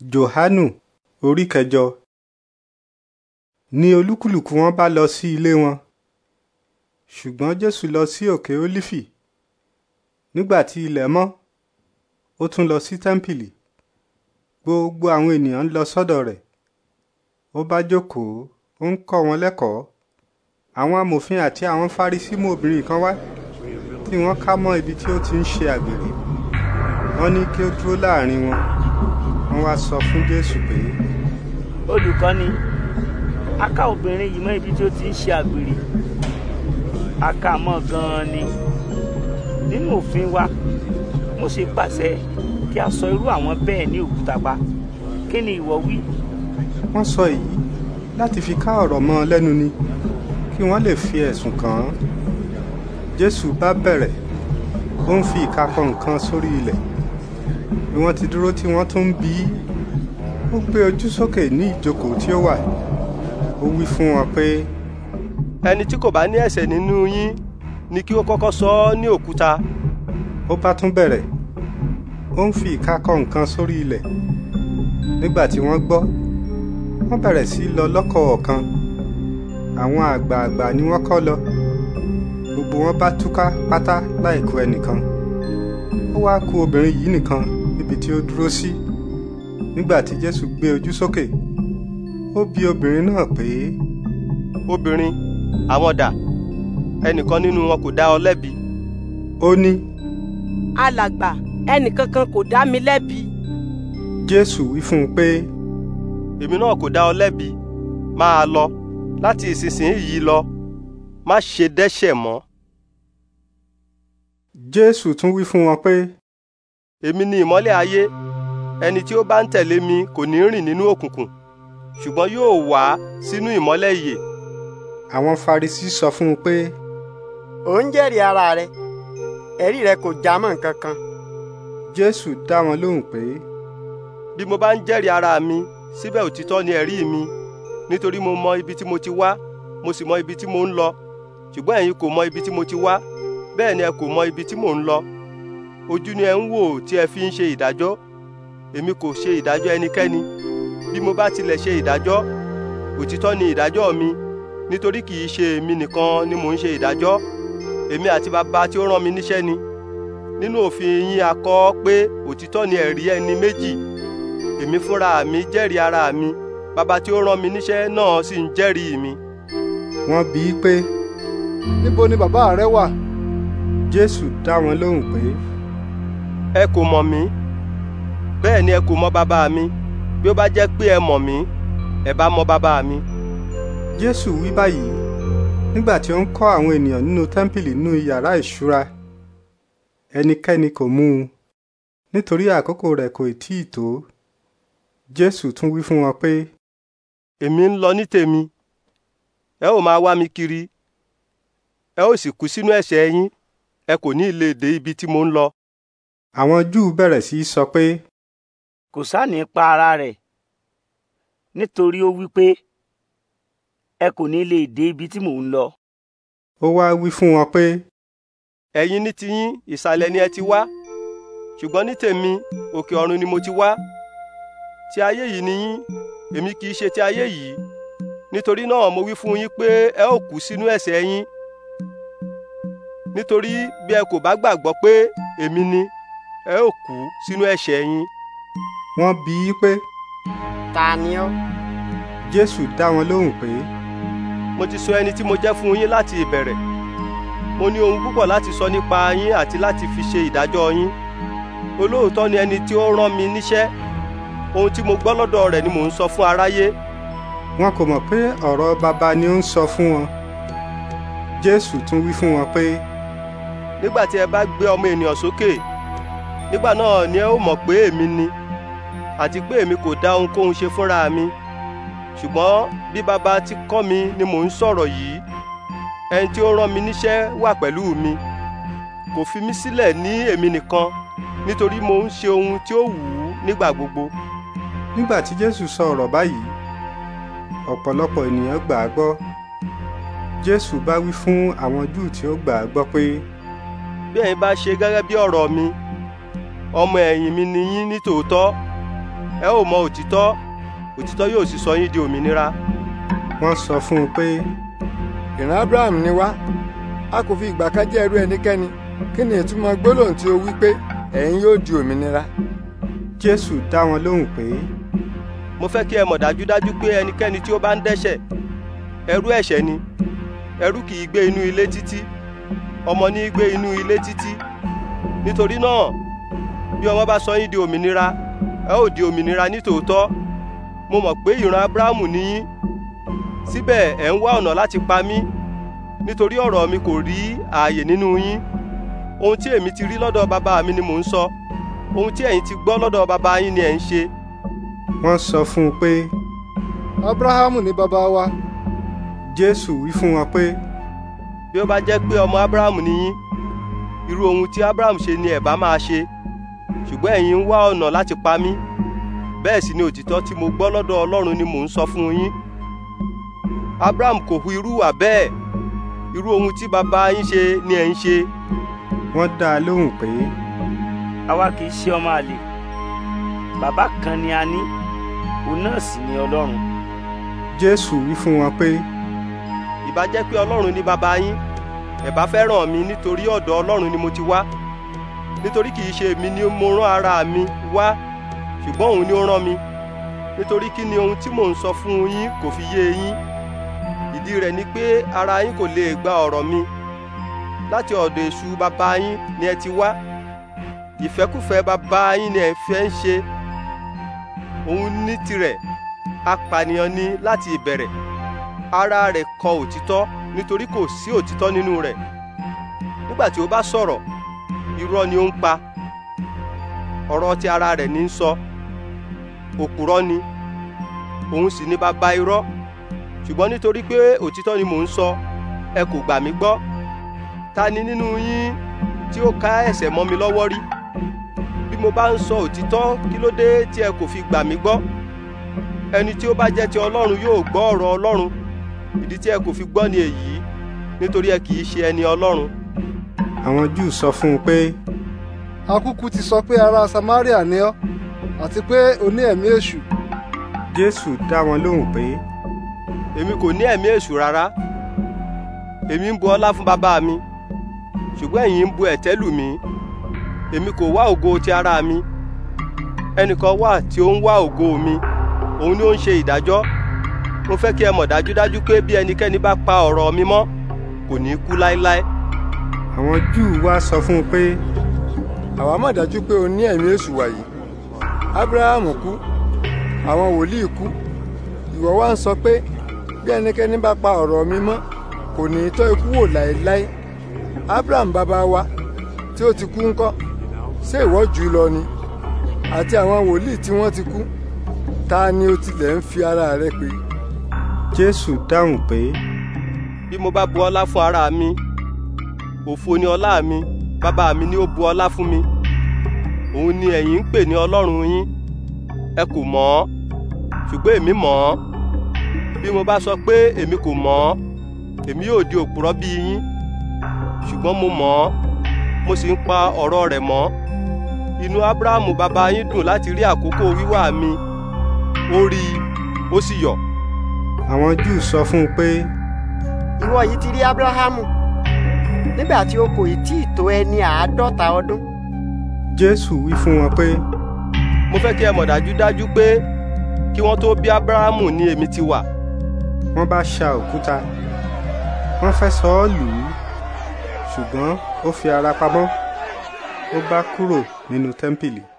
johanu orí kẹjọ ni olúkúlùkù wọn bá lọ sí ilé wọn ṣùgbọ́n jésù lọ sí òkè ólífì nígbà tí ilẹ̀ mọ́ ó tún lọ sí tẹ́ḿpìlì gbogbo àwọn ènìyàn ń lọ sọ́dọ̀ rẹ̀ ó bá jókòó ó ń kọ́ wọn lẹ́kọ̀ọ́ àwọn amòfin àti àwọn fárisí mú obìnrin kan wá tí wọ́n ká mọ́ ibi tí ó ti ń ṣe àgbèrè wọ́n ní kí ó dúró láàrin wọn wọ́n wá sọ fún jésù pé. olùkọ́ni a ká obìnrin yìí mọ́ ibi tí ó ti ń ṣe àgbèrè a ká mọ́ gan-an ni nínú òfin wa Mósè pàṣẹ kí a sọ irú àwọn bẹ́ẹ̀ ní òkúta pa kí ni ìwọ wí. wọ́n sọ èyí láti fi ká ọ̀rọ̀ mọ́ lẹ́nu ni kí wọ́n lè fi ẹ̀sùn kàn án jésù bá bẹ̀rẹ̀ ó ń fi ìka nǹkan sórí ilẹ̀ bí wọ́n ti dúró tí wọ́n tún ń bí ó gbé ojú sókè ní ìjókòó tí ó wà ó wí fún wọn pé. ẹni tí kò bá ní ẹ̀ṣẹ̀ nínú yín ni kí ó kọ́kọ́ sọ ọ́ ní òkúta. ó bá tún bẹ̀rẹ̀ ó ń fi ìka kọ nǹkan sórí ilẹ̀ nígbà tí wọ́n gbọ́ wọ́n bẹ̀rẹ̀ sí lọ lọ́kọ̀ọ̀kan àwọn àgbààgbà ni wọ́n kọ́ lọ gbogbo wọn bá túká pátá láìkù ẹnìkan ó wá kù obìnrin yìí nìkan ibi tí ó dúró sí nígbà tí jésù gbé ojú sókè ó bi obìnrin náà pé. obìnrin àwọn dà ẹnìkan nínú wọn kò dá ọ lẹ́bi. ó ní. alàgbà ẹnìkankan kò dá mi lẹ́bi. jésù wí fún un pé. èmi náà kò dá ọ lẹ́bi máa lọ láti ìsinsìnyí lọ má ṣe dẹ́ṣẹ̀ mọ́. jésù tún wí fún wọn pé èmi ni ìmọ́lẹ̀ ayé ẹni tí ó bá ń tẹ̀lé mi kò ní rìn nínú òkùnkùn ṣùgbọ́n yóò wá sínú ìmọ́lẹ̀ ìyè. àwọn Farisí sọ fún un pé. ò ń jẹ́rìí ara rẹ ẹ̀rí rẹ kò já mọ́ nǹkan kan. Jésù dá wọn lóhùn pé. bí mo bá ń jẹ́rìí ara mi síbẹ̀ òtítọ́ ni ẹ̀rí mi nítorí mo mọ ibi tí mo ti wá mo sì mọ ibi tí mo ń lọ ṣùgbọ́n ẹ̀yin kò mọ ibi tí mo ti wá bẹ́ẹ̀ ni ẹ kò mọ ibi tí mò ń lọ ojú ni ẹ ń wò tí ẹ fi ń ṣe ìdájọ́ èmi kò ṣe ìdájọ́ ẹnikẹ́ni bí mo bá tilẹ̀ ṣe ìdájọ́ òtítọ́ ni ìdájọ́ mi nítorí kì í ṣe èmi nìkan ni mò ń ṣe ìdájọ́ èmi àti bàbá tí ó rán mi níṣẹ́ ni nínú òfin yín a kọ pé òtítọ́ ni ẹ̀rí ẹni méjì èmi fúnra mi jẹ́rìí ara mi bàbá tí ó rán mi níṣẹ́ náà sì ń jẹ́rìí mi. wọ́n bi í pé níbo ni bàbá rẹ wà jésù dá wọn lóhùn pé. ẹ kò mọ̀ mí bẹ́ẹ̀ ni ẹ kò mọ̀ bàbá mi bí ó bá jẹ́ pé ẹ mọ̀ mí ẹ bá mọ̀ bàbá mi. jésù wí báyìí nígbà tí ó ń kọ́ àwọn ènìyàn nínú tẹ́ḿpìlì nínú yàrá ìṣúra ẹnikẹ́ni kò mú un nítorí àkókò rẹ̀ kò tí ì tó jésù tún wí fún wọn pé. èmi ń lọ ní tèmi ẹ ò máa wá mi kiri ẹ ò sì kú sínú ẹ̀ṣẹ̀ yín ẹ kò ní lè dé ibi tí mo ń lọ àwọn Júù bẹ̀rẹ̀ sí í sọ pé. kò sáàní pa ara rẹ̀ nítorí ó wí pé ẹ kò ní lè dé ibi tí mò ń lọ. ó wá wí fún wọn pé. ẹ̀yin ní tiyín ìsàlẹ̀ ni ẹ ti wá ṣùgbọ́n ní tèmi òkè ọ̀run ni mo ti wá ti ayé yìí ni yín èmi kì í ṣe ti ayé yìí nítorí náà mo wí fún yín pé ẹ ó kú sínú ẹ̀ṣẹ̀ yín nítorí bí ẹ kò bá gbàgbọ́ pé èmi ni ẹ ó kú sínú ẹ̀ṣẹ̀ yín. wọ́n bi í pé. ta ni ọ́. jésù dá wọn lóhùn pé. mo ti sọ ẹni tí mo jẹ́ fún yín láti ìbẹ̀rẹ̀ mo ní ohun púpọ̀ láti sọ nípa yín àti láti fi ṣe ìdájọ́ yín olóòótọ́ ni ẹni tí ó rán mi níṣẹ́ ohun tí mo gbọ́ lọ́dọ̀ rẹ̀ ni mò ń sọ fún aráyé. wọn kò mọ̀ pé ọ̀rọ̀ baba ni ó ń sọ fún wọn jésù tún wí fún wọn pé. nígbà tí ẹ bá gbé ọmọ ènìyàn sókè. So nígbà náà ni ẹ ó mọ̀ pé èmi ni àti pé èmi kò dá ohunkóhun ṣe fúnra mi ṣùgbọ́n bí bàbá ti kọ́ mi ni mò ń sọ̀rọ̀ yìí ẹni tí ó rán mi níṣẹ́ wà pẹ̀lú mi kò fi mí sílẹ̀ ní èmi nìkan nítorí mo ń ṣe ohun tí ó wù ú nígbà gbogbo. nígbà tí jésù sọ ọ̀rọ̀ báyìí ọ̀pọ̀lọpọ̀ ènìyàn gbà á gbọ́ jésù bá wí fún àwọn júù tí ó gbà á gbọ́ pé. bí ẹ̀yin bá ṣe gẹ́gẹ́ bí ọ̀rọ̀ mi ọmọ ẹ̀yìn mi ni yín nítòótọ́ ẹ ó mọ òtítọ́ òtítọ́ yóò sì sọ yín di òmìnira. wọ́n sọ fún un pé ìran abraham ni wá a kò fi ìgbà kan jẹ́ ẹrú ẹnikẹ́ni kí ni ìtumọ̀ gbólóhùn tí ó wí pé ẹ̀yin yóò di òmìnira. jésù dá wọn lóhùn pé. mo fẹ́ kí ẹ mọ̀ dájúdájú pé ẹnikẹ́ni tí ó bá ń dẹ́ṣẹ̀ ẹrú ẹ̀ṣẹ̀ ni ẹrú kì í gbé inú ilé títí ọmọ ní í gbé inú ilé títí nítorí náà bí ọwọ́ bá sọ yín di òmìnira ẹ ó di òmìnira nítòótọ́ mo mọ̀ pé ìran abrahamu nìyí síbẹ̀ ẹ̀ ń wá ọ̀nà láti pa mí nítorí ọ̀rọ̀ mi kò rí ààyè nínú yín ohun tí èmi ti rí lọ́dọ̀ bàbá mi ni mò ń sọ ohun tí ẹ̀yin ti gbọ́ lọ́dọ̀ bàbá yín ni ẹ̀ ń ṣe. wọ́n sọ fún un pé. abrahamu ni bàbá wa. jésù wí fún wọn pé. bí ó bá jẹ́ pé ọmọ abrahamu ni irú ohun tí abrahamu ṣe ni ẹ̀ bá máa ṣe ṣùgbọ́n ẹ̀yin ń wá ọ̀nà láti pa mí bẹ́ẹ̀ sì ni òtítọ́ tí mo gbọ́ lọ́dọ̀ Ọlọ́run ni mò ń sọ fún yín Abraham kò hu irú wà bẹ́ẹ̀ irú ohun tí bàbá yín ṣe ni ẹ̀ ń ṣe. wọ́n dá a lóhùn pé. àwa kì í ṣe ọmọ àlè bàbá kan ni a ní òun náà sì ni Ọlọ́run. Jésù wí fún wọn pé. ìbá jẹ́ pé Ọlọ́run ni bàbá yín ẹ fẹ́ràn mi nítorí ọ̀dọ̀ Ọlọ́run ni mo ti wá nítorí kì í ṣe èmi ni mo rán ara mi wá ṣùgbọ́n òun ni ó rán mi nítorí kí ni ohun tí mò ń sọ fún yín kò fi yé yín ìdí rẹ̀ ni pé ara yín kò lè gba ọ̀rọ̀ mi láti ọ̀dọ̀ èṣù bàbá yín ni ẹ ti wá ìfẹ́kùfẹ́ bàbá yín ni ẹ fẹ́ ń ṣe òun ní tirẹ̀ apànìyàn ni láti ìbẹ̀rẹ̀ ara rẹ̀ kọ̀ òtítọ́ nítorí kò sí òtítọ́ nínú rẹ̀ nígbà tí ó bá sọ̀rọ̀ irọ́ ni ó ń pa ọ̀rọ̀ ti ara rẹ̀ ní ń sọ òpùrọ́ ni òun sì ni bàbá irọ́ ṣùgbọ́n nítorí pé òtítọ́ ni mò ń sọ ẹ kò gbà mí gbọ́ ta ni nínú yín tí ó ká ẹ̀ṣẹ̀ mọ́ mi lọ́wọ́ rí bí mo bá ń sọ òtítọ́ kí ló dé tí ẹ kò fi gbà mí gbọ́ ẹni tí ó bá jẹ́ ti ọlọ́run yóò gbọ́ ọ̀rọ̀ ọlọ́run ìdí tí ẹ kò fi gbọ́ ni èyí nítorí ẹ kì í ṣe ẹni ọlọ́run àwọn júù sọ fún un pé. akúkú ti sọ pé ará samaria ni ọ́ àti pé o ní ẹ̀mí èṣù. jésù dá wọn lóhùn pé. èmi kò ní ẹ̀mí èṣù rárá èmi ń bu ọlá fún bàbá mi ṣùgbọ́n ẹ̀yin ń bu ẹ̀tẹ́ lù mí èmi kò wá ògo ti ara mi ẹnìkan wà tí ó ń wá ògo mi òun ni ó ń ṣe ìdájọ́ mo fẹ́ kí ẹ mọ̀ dájúdájú pé bí ẹnikẹ́ni bá pa ọ̀rọ̀ mi mọ́ kò ní kú láéláé àwọn júù wá sọ fún un pé. àwa mọ̀ dájú pé o ní ẹ̀mí èṣù wàyí abrahamu kú àwọn wòlíì kú ìwọ wá ń sọ pé bí ẹnikẹ́ni bá pa ọ̀rọ̀ mi mọ́ kò ní tọ́ ikú wò láéláé abraham bàbá wa tí ó ti kú ńkọ́ ṣé ìwọ jù lọ ni àti àwọn wòlíì tí wọ́n ti kú ta ni o tilẹ̀ ń fi ara rẹ pè. jésù dáhùn pé. bí mo bá bu ọlá fún ara mi òfo ni ọlá mi bàbá mi ni ó bu ọlá fún mi òun ni ẹ̀yin ń pè ní ọlọ́run yín ẹ kò mọ̀ ọ́ ṣùgbọ́n èmi mọ̀ ọ́ bí mo bá sọ pé èmi kò mọ̀ ọ́ èmi yóò di òpùrọ́ bí yín ṣùgbọ́n mo mọ̀ ọ́ mo sì ń pa ọ̀rọ̀ rẹ̀ mọ́ inú abrahamu bàbá yín dùn láti rí àkókò wíwá mi ó rí i ó sì yọ̀. àwọn júù sọ fún un pé. ìwọ yìí ti rí abrahamu nígbà tí o kò tí ì tó ẹni àádọ́ta ọdún. jésù wí fún wọn pé. mo fẹ́ kí ẹ mọ̀ dájúdájú pé kí wọ́n tó bí ábúráhámù ni èmi ti wà. wọ́n bá ṣa òkúta wọ́n fẹ́ sọ ọ́ lù ú ṣùgbọ́n ó fi ara pamọ́ ó bá kúrò nínú tẹ́ḿpìlì.